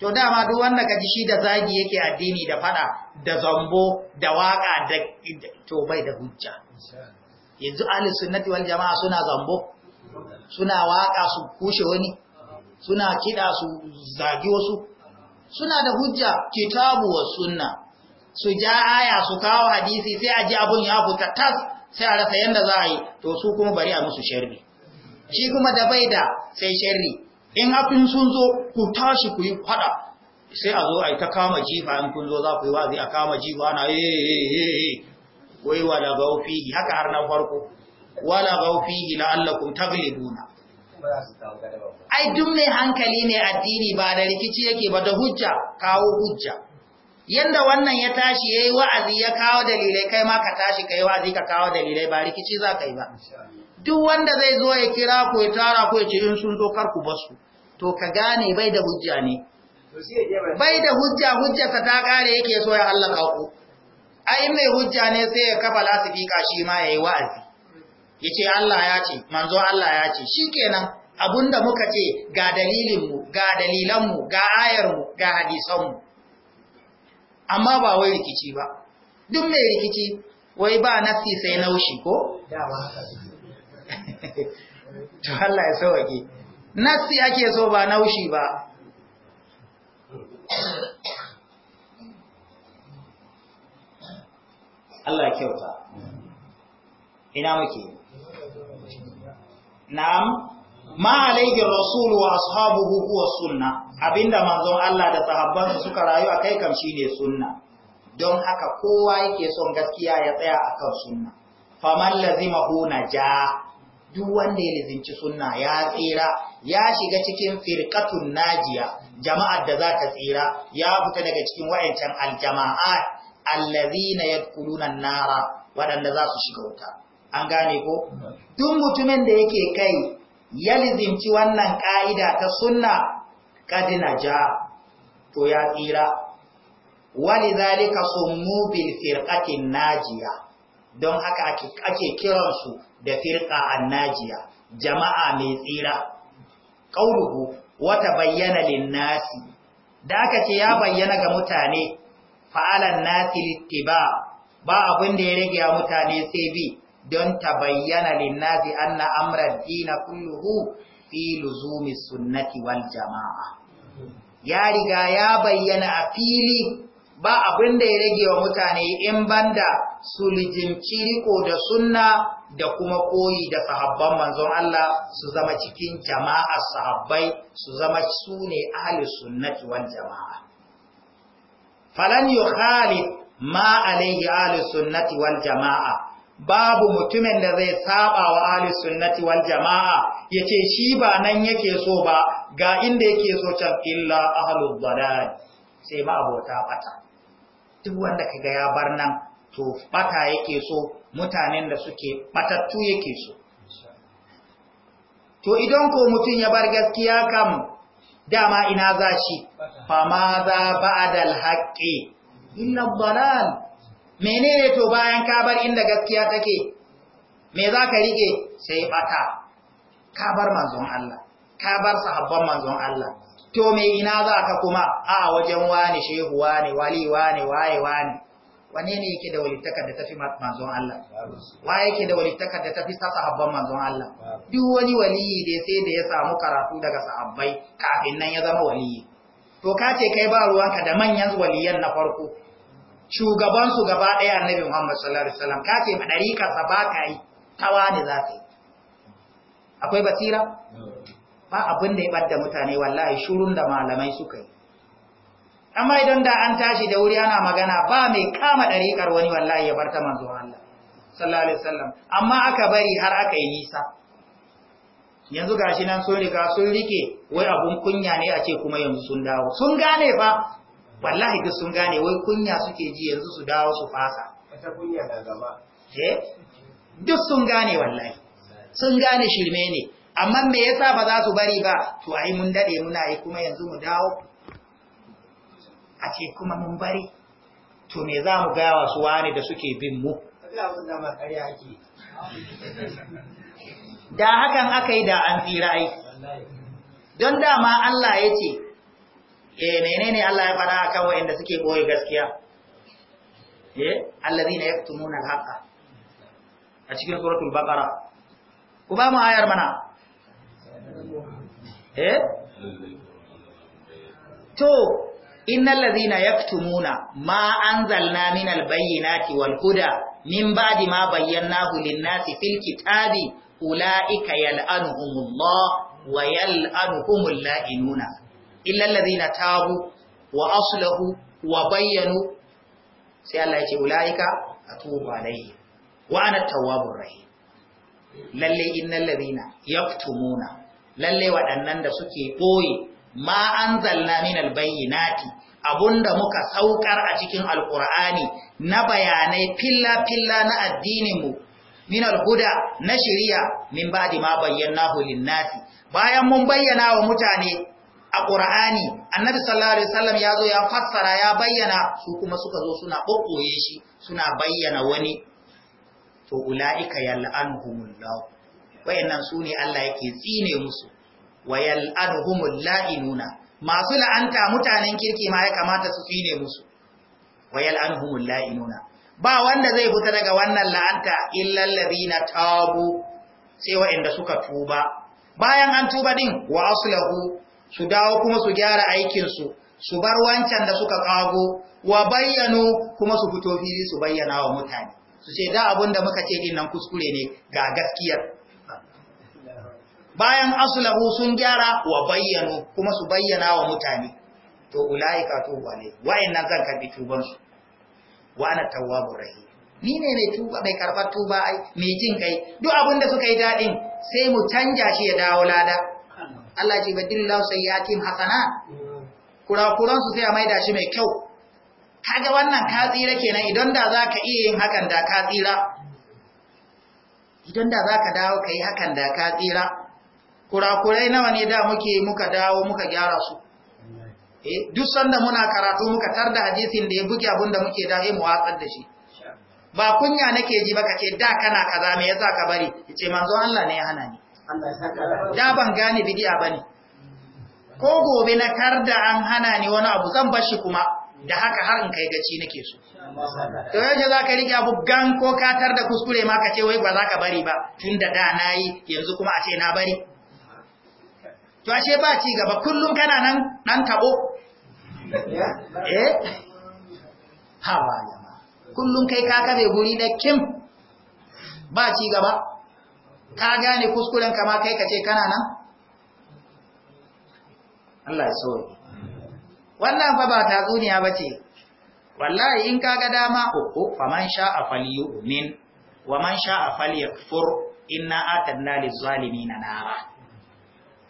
to dama duk wanda ka ji shi da zagi yake addini da fada da zambo da waka da to bai da hujja yanzu ahli sunnati wal jama'a suna zambo suna waka su kushe wani suna kida su zagi wasu suna da hujja kitabu wa sunna su ja aya su kawo hadisi sai a ji abun ya fita tas sai a rasa yadda za a yi to su kuma bari a musu sharri shi kuma da bai da sai sharri in hafin sun zo ku tashi ku yi fada sai a zo a yi ta kama jifa in kun zo za ku yi wazi a kama jifa na yi wai wala yi. haka har na farko wala gaufihi la'allakum duna. ai duk mai hankali ne addini ba da rikici yake ba da hujja kawo hujja yanda wannan ya tashi yayi wa'azi ya kawo dalilai kai ma ka tashi kai wa'azi ka kawo dalilai ba rikici za ka yi ba duk wanda zai zo ya kira ku ya tara ku ya ce in sun zo kar ku basu to ka gane bai da hujja ne bai da hujja hujjarsa ta kare yake so ya hallaka ku ai mai hujja ne sai ya kafa ka shi ma yayi wa'azi yace Allah ya ce manzo Allah ya ce shikenan abunda muka ce ga dalilin mu ga dalilan mu ga ayar mu ga hadisan mu amma ba wai rikici ba duk mai rikici wai ba nasi sai naushi ko [LAUGHS] to Allah ya sauke nasi ake so ba naushi ba Allah kyauta ina muke na'am ma alaihi rasulu wa ashabuhu huwa sunnah abinda manzon Allah da sahabbansu suka rayu a kai kam ne sunna don haka kowa yake son gaskiya ya tsaya a kan sunna faman lazimahu naja duk wanda ya lizinci sunna ya tsira ya shiga cikin firkatun najiya jama'ar da za ta tsira ya fita daga cikin wayancan aljama'a allazina yadkhuluna nara wadanda za su shiga wuta an gane ko duk mutumin da yake kai ya lizinci wannan ka'ida ta sunna kadina ja to ya tsira wani zalika sun bil firqatin najiya don haka ake kiransu da firqa Najiya jama'a mai tsira qauluhu wata bayyana linnasi da aka ce ya bayyana ga mutane fa'alan nasi littiba ba abin da ya rage ya mutane sai bi don ta bayyana linnasi anna amra dina kulluhu fi luzumi sunnati wal jama'a ya riga ya bayyana a fili ba abin da ya rage wa mutane in banda suljinci riko da sunna da kuma koyi da sahabban manzon Allah su zama cikin jama'a sahabbai su zama su ne ahli sunnati wal jama'a falan yukhalif ma alaihi ahli sunnati wal jama'a babu mutumin da zai saba wa ahlus sunnati wal jama'a yace shi ba nan yake so ba ga inda yake so can illa ahlul dalal sai ma abota bata duk wanda kaga ya bar nan to bata yake so mutanen da suke batattu yake so to idan ko mutun ya bar gaskiya kam dama ina za shi fama za ba'dal haqqi illa dalal menene to bayan ka bar inda gaskiya take me za ka rike sai bata ka bar manzon Allah ka bar sahabban manzon Allah to me ina za ka kuma a wajen wani shehu wani wali wani waye wani wane ne yake da walittakar da tafi manzon Allah wa yake da walittakar da tafi sahabban manzon Allah duk wani waliyi da sai da ya samu karatu daga sahabbai kafin nan ya zama waliyi to ka ce kai ba ruwanka da manyan waliyan na farko shugabansu gaba ɗaya annabi Muhammad sallallahu alaihi wasallam kace ma dariƙa sa ba ka yi tawa ne za ka yi akwai basira ba abin da ya badda mutane wallahi shurun da malamai suka yi amma idan da an tashi da wuri ana magana ba mai kama dariƙar wani wallahi ya bar barta manzo Allah sallallahu alaihi wasallam amma aka bari har aka yi nisa yanzu gashi nan sun riga sun rike wai abun kunya ne a ce kuma yanzu sun dawo sun gane ba. wallahi duk sun gane wai kunya suke ji yanzu su dawo su fasa wata kunya da gaba eh duk sun gane wallahi sun gane shirme ne amma me yasa ba za su bari ba to ai mun dade muna yi kuma yanzu mu dawo a ce kuma mun bari to me za mu gaya wa su wani da suke bin mu da hakan aka yi da an tsira ai don dama Allah ya ce eh menene Allah ya faɗa akan waɗanda suke boye gaskiya eh allazina yaktumuna al-haqa a cikin suratul baqara ku ba mu ayar mana eh to innal ladhina yaktumuna ma anzalna minal bayyinati wal huda min ba'di ma bayyanahu lin-nasi fil kitabi ulaika yal'anuhumullah wa yal'anuhumul la'inuna illal ladina tabu wa aslahu wa bayyanu sai Allah ya ce ulaika atubu alaihi wa ana tawwabur rahim lalle innal ladina yaftumuna lallai waɗannan da suke boye ma anzalna minal bayyinati abunda muka saukar a cikin alqur'ani na bayanai filla filla na addininmu mu minal na shari'a min ba'di ma bayyanahu lin-nasi bayan mun bayyana wa mutane a ƙura'ani annabi sallallahu alaihi wasallam ya zo ya fassara ya bayyana su kuma suka zo suna ɓoɓɓoye shi suna bayyana wani to ula'ika yal'anhumullahu wayannan su ne Allah yake tsine musu wa yal'anhumul la'inuna masu la'anta mutanen kirki ma ya kamata su tsine musu wa yal'anhumul la'inuna ba wanda zai fita daga wannan la'anta illal ladina tabu sai wayanda suka tuba bayan an tuba din wa aslahu su dawo kuma su gyara aikinsu su bar wancan da suka kago wa bayyano kuma su fito fili su bayyana wa mutane su ce da abin da muka ce dinnan kuskure ne ga gaskiyar bayan asulahu sun gyara wa bayyano kuma su bayyana wa mutane to to tuba ne nan zan karbi tubansu wa ana tawwabur rahim ni ne mai tuba mai karbar tuba ai mai jin kai duk abin da suka yi dadin sai mu canja shi ya dawo lada Allah ce badillahu sayyatim hasanat kurakuran su sai a maida shi mai kyau kaga wannan ka tsira kenan idan da zaka iya yin hakan da ka tsira idan da zaka dawo kai hakan da ka tsira kurakurai nawa ne da muke muka dawo muka gyara su eh duk sanda muna karatu muka da hadisin da ya buke da muke da mu watsar da shi ba kunya nake ji ba kace da kana kaza me yasa ka bari yace manzon Allah ne ya hana ni da ban gane bidiya ba ne ko gobe na kar da an hana ni wani abu zan bashi kuma da haka har in kai gaci nake so to yaje za ka riƙe abu gan ko katar da kuskure ma ka ce wai ba za ka bari ba tun da da na yi yanzu kuma a ce na bari to ashe ba ci gaba kullum kana nan nan tabo eh hawa kullum kai ka kabe guri da kim ba ci gaba ka gane kuskuren ma kai ka ce kana nan Allah ya wannan fa ba tatsuniya bace wallahi in ka ga dama uku faman sha'a falyu'min wa man sha'a falyakfur inna atanna lizzalimina nara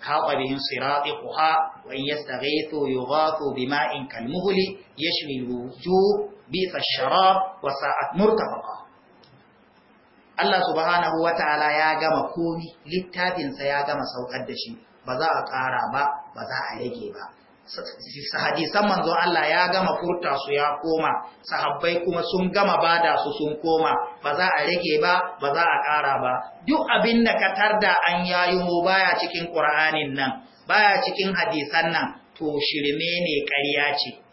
haqa sirati siratiquha wa in yastaghithu yughathu Ya kalmuhli yashwi alwujuh bi ash-sharab wa sa'at ba. Allah subhanahu ta'ala ya gama komi littafinsa ya gama saukar da shi ba za a ƙara ba ba za a rage ba hadisan manzon Allah ya gama furta su ya koma sahabbai kuma sun gama bada su sun koma ba za a rage ba ba za a ƙara ba duk abin da ka tarda an yayi mu baya cikin Qur'anin nan baya cikin hadisan nan to shirme ne ƙarya ce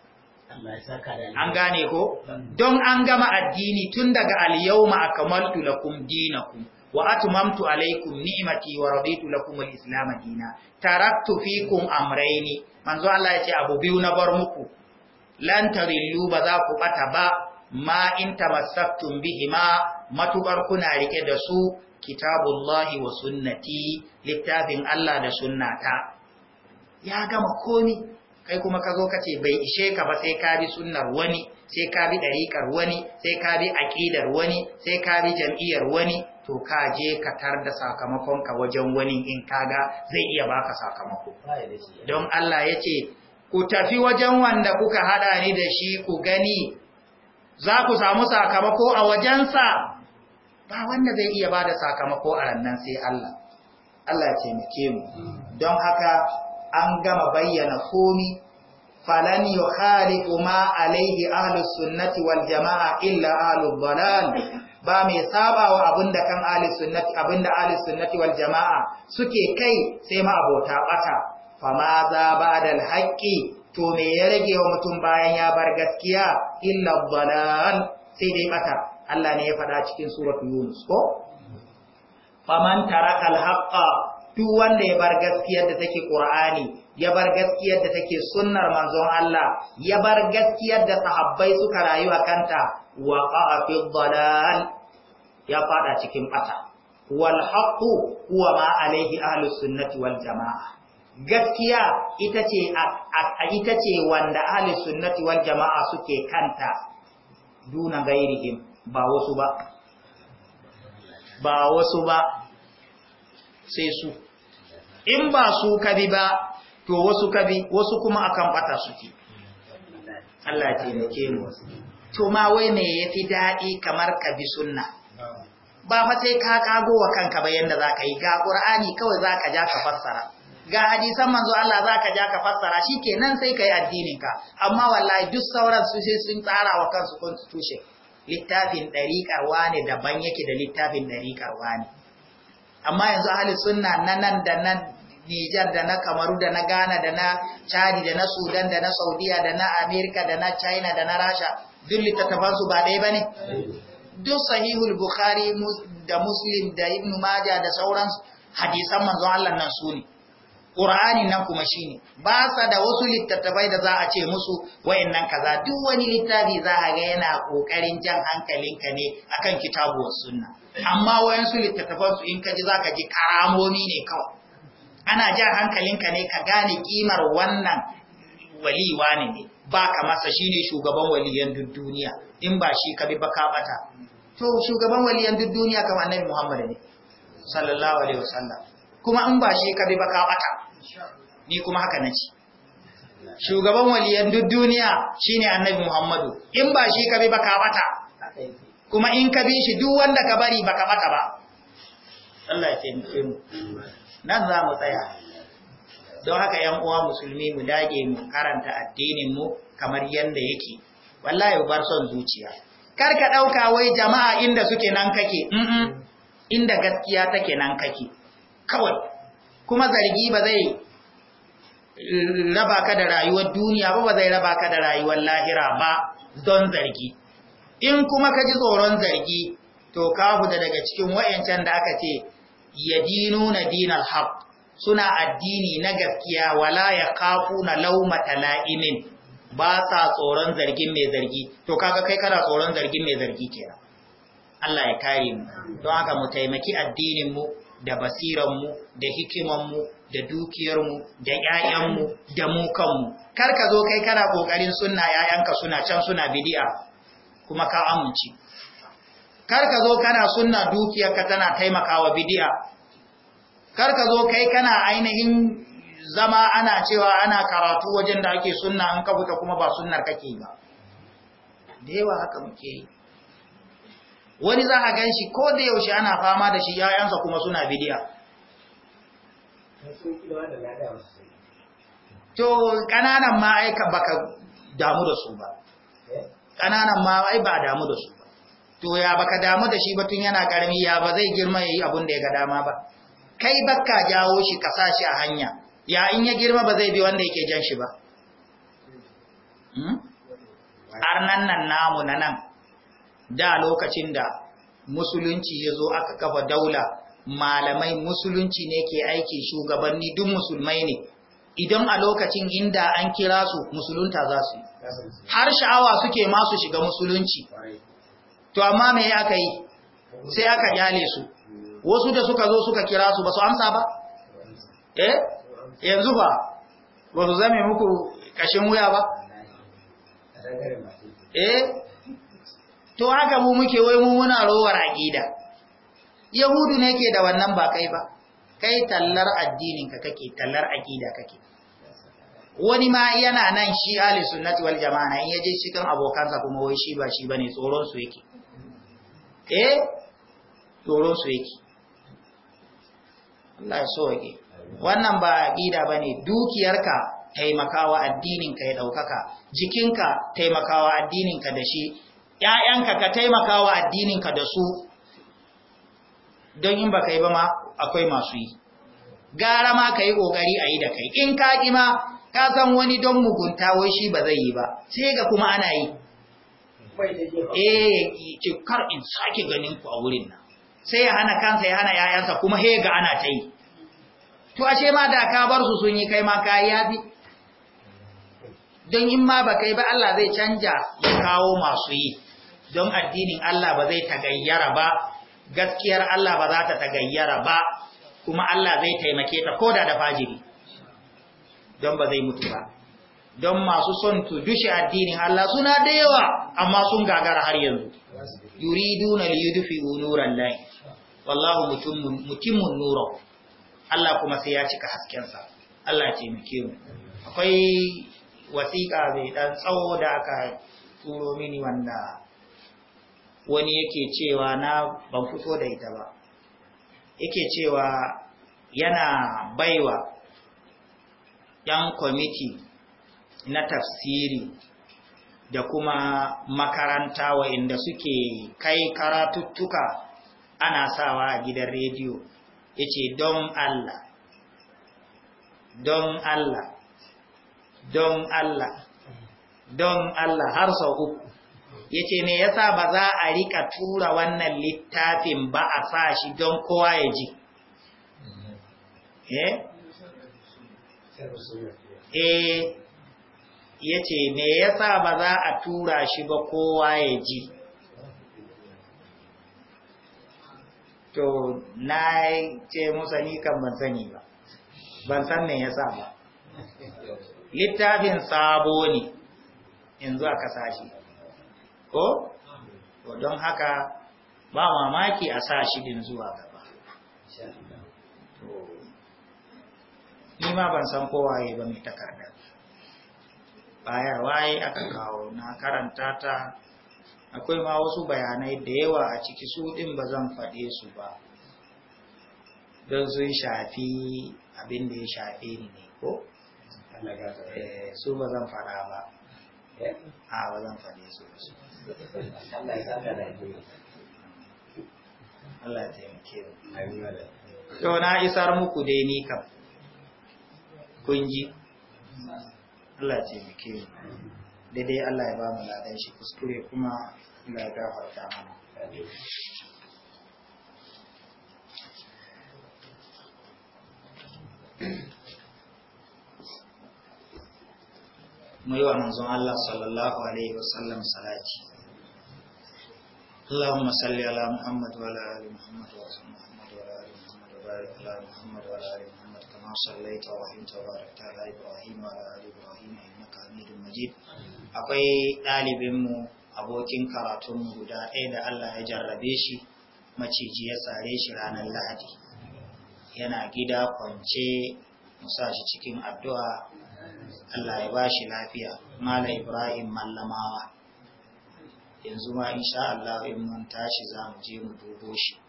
an gane ko don an gama addini tun daga al-yawma akmaltu lakum dinakum wa atmamtu alaykum ni'mati wa raditu lakum al-islam dina taraktu fikum amrayni manzo Allah yace abu biyu na bar muku lan tarillu ba za ku bata ba ma in tamassaktum bihima matubar kuna rike da su kitabullahi wa sunnati littafin Allah da sunnata ya gama komi kai kuma ka zo ka ce bai ishe ka ba sai ka bi sunnar wani sai ka bi ɗariƙar wani sai ka bi aƙidar wani sai ka bi jam'iyyar wani to ka je ka tar da sakamakonka wajen wani in kaga zai iya baka sakamako don Allah ya ce ku tafi wajen wanda kuka haɗa ni da shi ku gani za ku samu sakamako a wajensa ba wanda zai iya bada da sakamako a rannan sai Allah Allah ya taimake mu don haka an gama bayyana komi falan yukhalifu ma alaihi ahlus sunnati wal jama'a illa ahlud dalal ba mai sabawa abinda kan ahlus sunnati abinda ahlus sunnati wal jama'a suke kai sai ma abota bata ma za ba'dal haqqi to me ya rage wa mutum bayan ya bar gaskiya illa dalal sai dai bata Allah ne ya faɗa cikin suratul yunus ko faman taraka al-haqqa duk wanda ya bar gaskiyar da take Qur'ani ya bar gaskiyar da take sunnar manzon Allah ya bar gaskiyar da sahabbai suka rayu a kanta wa qa'a fi dhalal ya fada cikin bata wal haqqu huwa ma alaihi ahli sunnati wal jamaa gaskiya ita ce ita ce wanda ahli sunnati wal jamaa suke kanta duna gairihim ba wasu ba ba wasu ba sai su in ba su kabi ba to wasu kabi wasu kuma akan bata suke Allah taimake mu to ma wai me yafi dadi kamar ka bi sunna ba fa sai ka kago wa kanka ba yanda zaka yi ga qur'ani kawai zaka ja ka fassara ga hadisan manzo Allah zaka ja ka fassara shikenan sai kai addinin ka amma wallahi duk sauran su sai sun tsara wa kansu constitution littafin dariƙar wani daban yake da littafin dariƙar wani amma yanzu ahli sunna na nan da nan Nijar da na Kamaru da na Ghana da na Chadi da na Sudan da na Saudiya da na Amerika da na China da na Rasha duk littattafansu ba ɗaya ba ne? Duk sahihul Bukhari da Muslim da Ibn Majah da sauransu hadisan manzon Allah nan su ne. Ƙur'ani nan kuma shi ne, ba sa da wasu littattafai da za a ce musu wayannan kaza duk wani littafi za a ga yana ƙoƙarin jan hankalinka ne akan kitabuwar sunna. amma wayansu littattafansu in ka ji za ka ji karamomi ne kawai ana jan hankalinka ne ka gane kimar wannan waliwa ne ne ba ka masa shi ne shugaban waliyan duniya in ba shi ka bi ba ka bata to shugaban waliyan duniya kamar annabi Muhammad ne sallallahu alaihi wasallam kuma in ba shi ka bi ba ka bata ni kuma haka nace shugaban waliyan duniya shine annabi Muhammadu in ba shi ka bi ba ka bata kuma in ka bi shi duk wanda ka bari baka bata ba Allah ya taimake mu nan za mu tsaya don haka yan uwa musulmi mu dage mu karanta addinin mu kamar yanda yake wallahi bar son zuciya kar ka dauka wai jama'a inda suke nan kake -mm. inda gaskiya take nan kake kawai kuma zargi ba zai raba ka da rayuwar duniya ba ba zai raba ka da rayuwar lahira ba don zargi in kuma ka ji tsoron zargi to ka fita daga cikin wayancan da aka ce dinu na dinar haf suna addini na gaskiya wala ya kafu na laumata la'imin ba sa tsoron zargin mai zargi to kaga kai kana tsoron zargin mai zargi kenan Allah ya kare mu don haka mu taimaki addininmu, da basiranmu, da hikimanmu, da dukiyarmu, da 'ya'yanmu, da mu kanmu kar ka zo kai kana ƙoƙarin sunna 'ya'yanka suna can suna bidi'a? kuma ka amince kar ka zo kana sunna ka tana taimakawa bid'a kar ka zo kai kana ainihin zama ana cewa ana karatu wajen da ake sunna an ka kuma ba sunnar kake ba da yawa haka muke wani za a gan shi ko da yaushe ana fama da shi yayansa kuma suna bidiya to kananan aika baka damu da su ba Kananan ma ai ba damu da su to ya baka damu da shi ba tun yana ƙarami ya ba zai girma yayi abun da ya ga dama ba kai bakka jawo shi ka sa shi a hanya ya in ya girma ba zai bi wanda yake jan shi ba hmm? arnan nan namu na nan da lokacin da musulunci ya zo aka kafa daula malamai musulunci ne ke aiki shugabanni duk musulmai ne idan a lokacin inda an kira su musulunta za su yi har sha'awa suke masu shiga musulunci to amma me aka yi sai aka yale su wasu da suka zo suka kira su ba su amsa ba eh yanzu ba ba su zame muku kashin wuya ba eh to haka mu muke wai mu muna rowar aqida yahudu ne ke da wannan ba kai ba kai tallar addinin ka kake tallar aqida kake wani ma yana nan shi ahli sunnati wal jama'a in yaje cikin abokansa kuma wai shi ba shi bane tsoron su yake eh tsoron su yake Allah ya so yake wannan ba aqida bane dukiyarka taimakawa addininka ya daukaka jikinka taimakawa addininka da shi ƴaƴanka ka taimakawa addininka da su don in baka yi ba ma akwai masu yi gara ma ka yi ƙoƙari a yi da kai in ka ƙi ma ka san wani don mugunta wai shi ba zai yi ba sai ga kuma ana yi eh ki kar in sake ganin ku a wurin nan sai ya hana kansa ya hana yayansa kuma he ga ana ta yi to ashe ma da ka bar su sun yi kai ma ka yafi don in ma ba kai ba Allah zai canja ya kawo masu yi don addinin Allah ba zai tagayyara ba gaskiyar Allah ba za ta tagayyara ba kuma Allah zai taimake ta koda da fajiri don ba zai mutu ba don masu son su dushe addinin Allah suna da yawa amma sun gagara har yanzu yuriduna liyudfi'u nuran lahi wallahu mutimmun nuran Allah kuma sai ya cika hasken sa Allah ce taimake mu akwai wasiƙa mai dan tsawo da aka turo mini wanda wani yake cewa na ban fito da ita ba yake cewa yana baiwa 'yan kwamiti na tafsiri da kuma makaranta wa'inda suke kai karatuttuka ana sawa a gidan rediyo ya ce don Allah don Allah don Allah don Allah har sau uku ya ce me yasa ba za a rika tura wannan littafin ba a sa shi don kowa ya ji mm-hmm. eh eh ya ce me yasa ba za a tura shi ba kowa ya ji to na ce musa ni kan ban sani ba ban san me yasa ba littafin sabo ne yanzu aka sashi ko don haka ba mamaki a sa shi din zuwa gaba ni ma ban san waye ba mai takardar bayar waye aka kawo na karanta ta akwai ma wasu bayanai da yawa a ciki su ɗin ba zan faɗe su ba don sun shafi abin da ya shafe ni ne ko eh, su ba zan faɗa ba eh? a ba zan faɗe su ba su Allah ya taimake mu. Yau na isar muku dai ni kam. kun ji Allah ce muke daidai Allah ya ba mu ladan shi kuskure kuma Allah ya gafarta mana mu yi wa manzon Allah sallallahu alaihi wasallam salati Allahumma salli ala Muhammad wa ala ali Muhammad wa ala وبارك على محمد وعلى آل محمد كما صليت ورحمت وباركت على إبراهيم وعلى آل إبراهيم إنك حميد مجيد akwai ɗalibinmu abokin karatunmu guda ɗaya da Allah ya jarrabe shi شي ya sare shi ranar Lahadi yana gida kwance musa shi cikin addu'a Allah ya ba shi lafiya Mala Ibrahim Mallamawa yanzu ma insha Allah in mun tashi za mu je mu dubo shi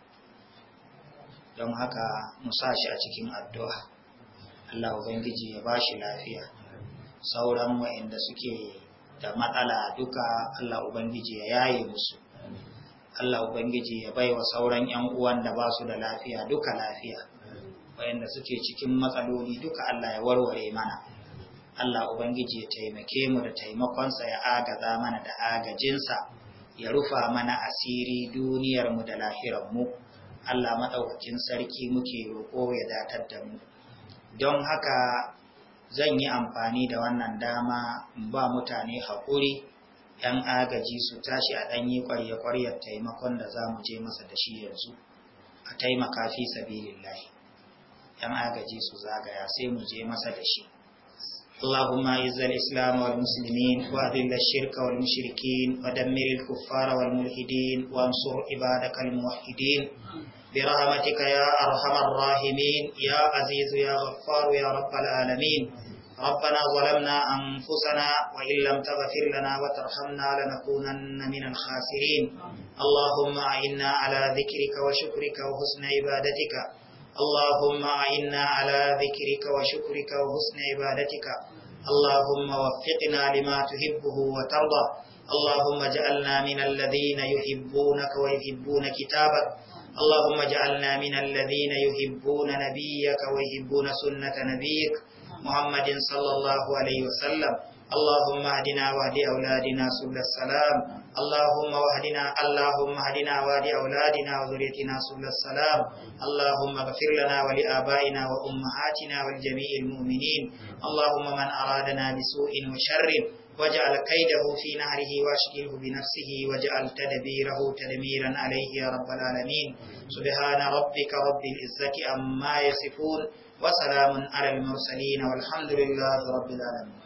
don haka musa shi a cikin addu'a Allah Ubangiji ya ba shi lafiya sauran wa'inda suke da matsala duka Allah Ubangiji ya yaye musu Allah Ubangiji ya bai wa sauran ‘yan uwan da ba su da lafiya duka lafiya wa'inda suke cikin matsaloli duka Allah ya warware mana Allah Ubangiji ya taimake mu da taimakonsa ya agaza mana da agajinsa ya rufa mana asiri duniyarmu da lahirarmu. mu Allah maɗaukacin sarki muke roƙo ya datar da mu. Don haka zan yi amfani da wannan dama in ba mutane haƙuri, ‘yan agaji su tashi a ɗanyi ƙwarya-ƙwaryar taimakon da za mu je masa da shi yanzu, a taimaka fi sabilillahi. ‘Yan agaji su zagaya sai mu je masa da shi. اللهم اعز الاسلام والمسلمين واذل الشرك والمشركين ودمر الكفار والملحدين وانصر عبادك الموحدين برحمتك يا ارحم الراحمين يا عزيز يا غفار يا رب العالمين ربنا ظلمنا أنفسنا وإن لم تغفر لنا وترحمنا لنكونن من الخاسرين اللهم أعنا على ذكرك وشكرك وحسن عبادتك اللهم أعنا على ذكرك وشكرك وحسن عبادتك اللهم وفقنا لما تحبه وترضى اللهم اجعلنا من الذين يحبونك ويحبون كتابك اللهم اجعلنا من الذين يحبون نبيك ويحبون سنة نبيك محمد صلى الله عليه وسلم اللهم اهدنا واهد أولادنا سبل السلام اللهم وهدنا اللهم هدنا وهد أولادنا وذريتنا سبل السلام اللهم اغفر لنا ولآبائنا وأمهاتنا ولجميع المؤمنين اللهم من أرادنا بسوء وشر واجعل كيده في نهره واشغله بنفسه واجعل تدبيره تدميرا عليه يا رب العالمين سبحان ربك رب العزة عما يصفون وسلام على المرسلين والحمد لله رب العالمين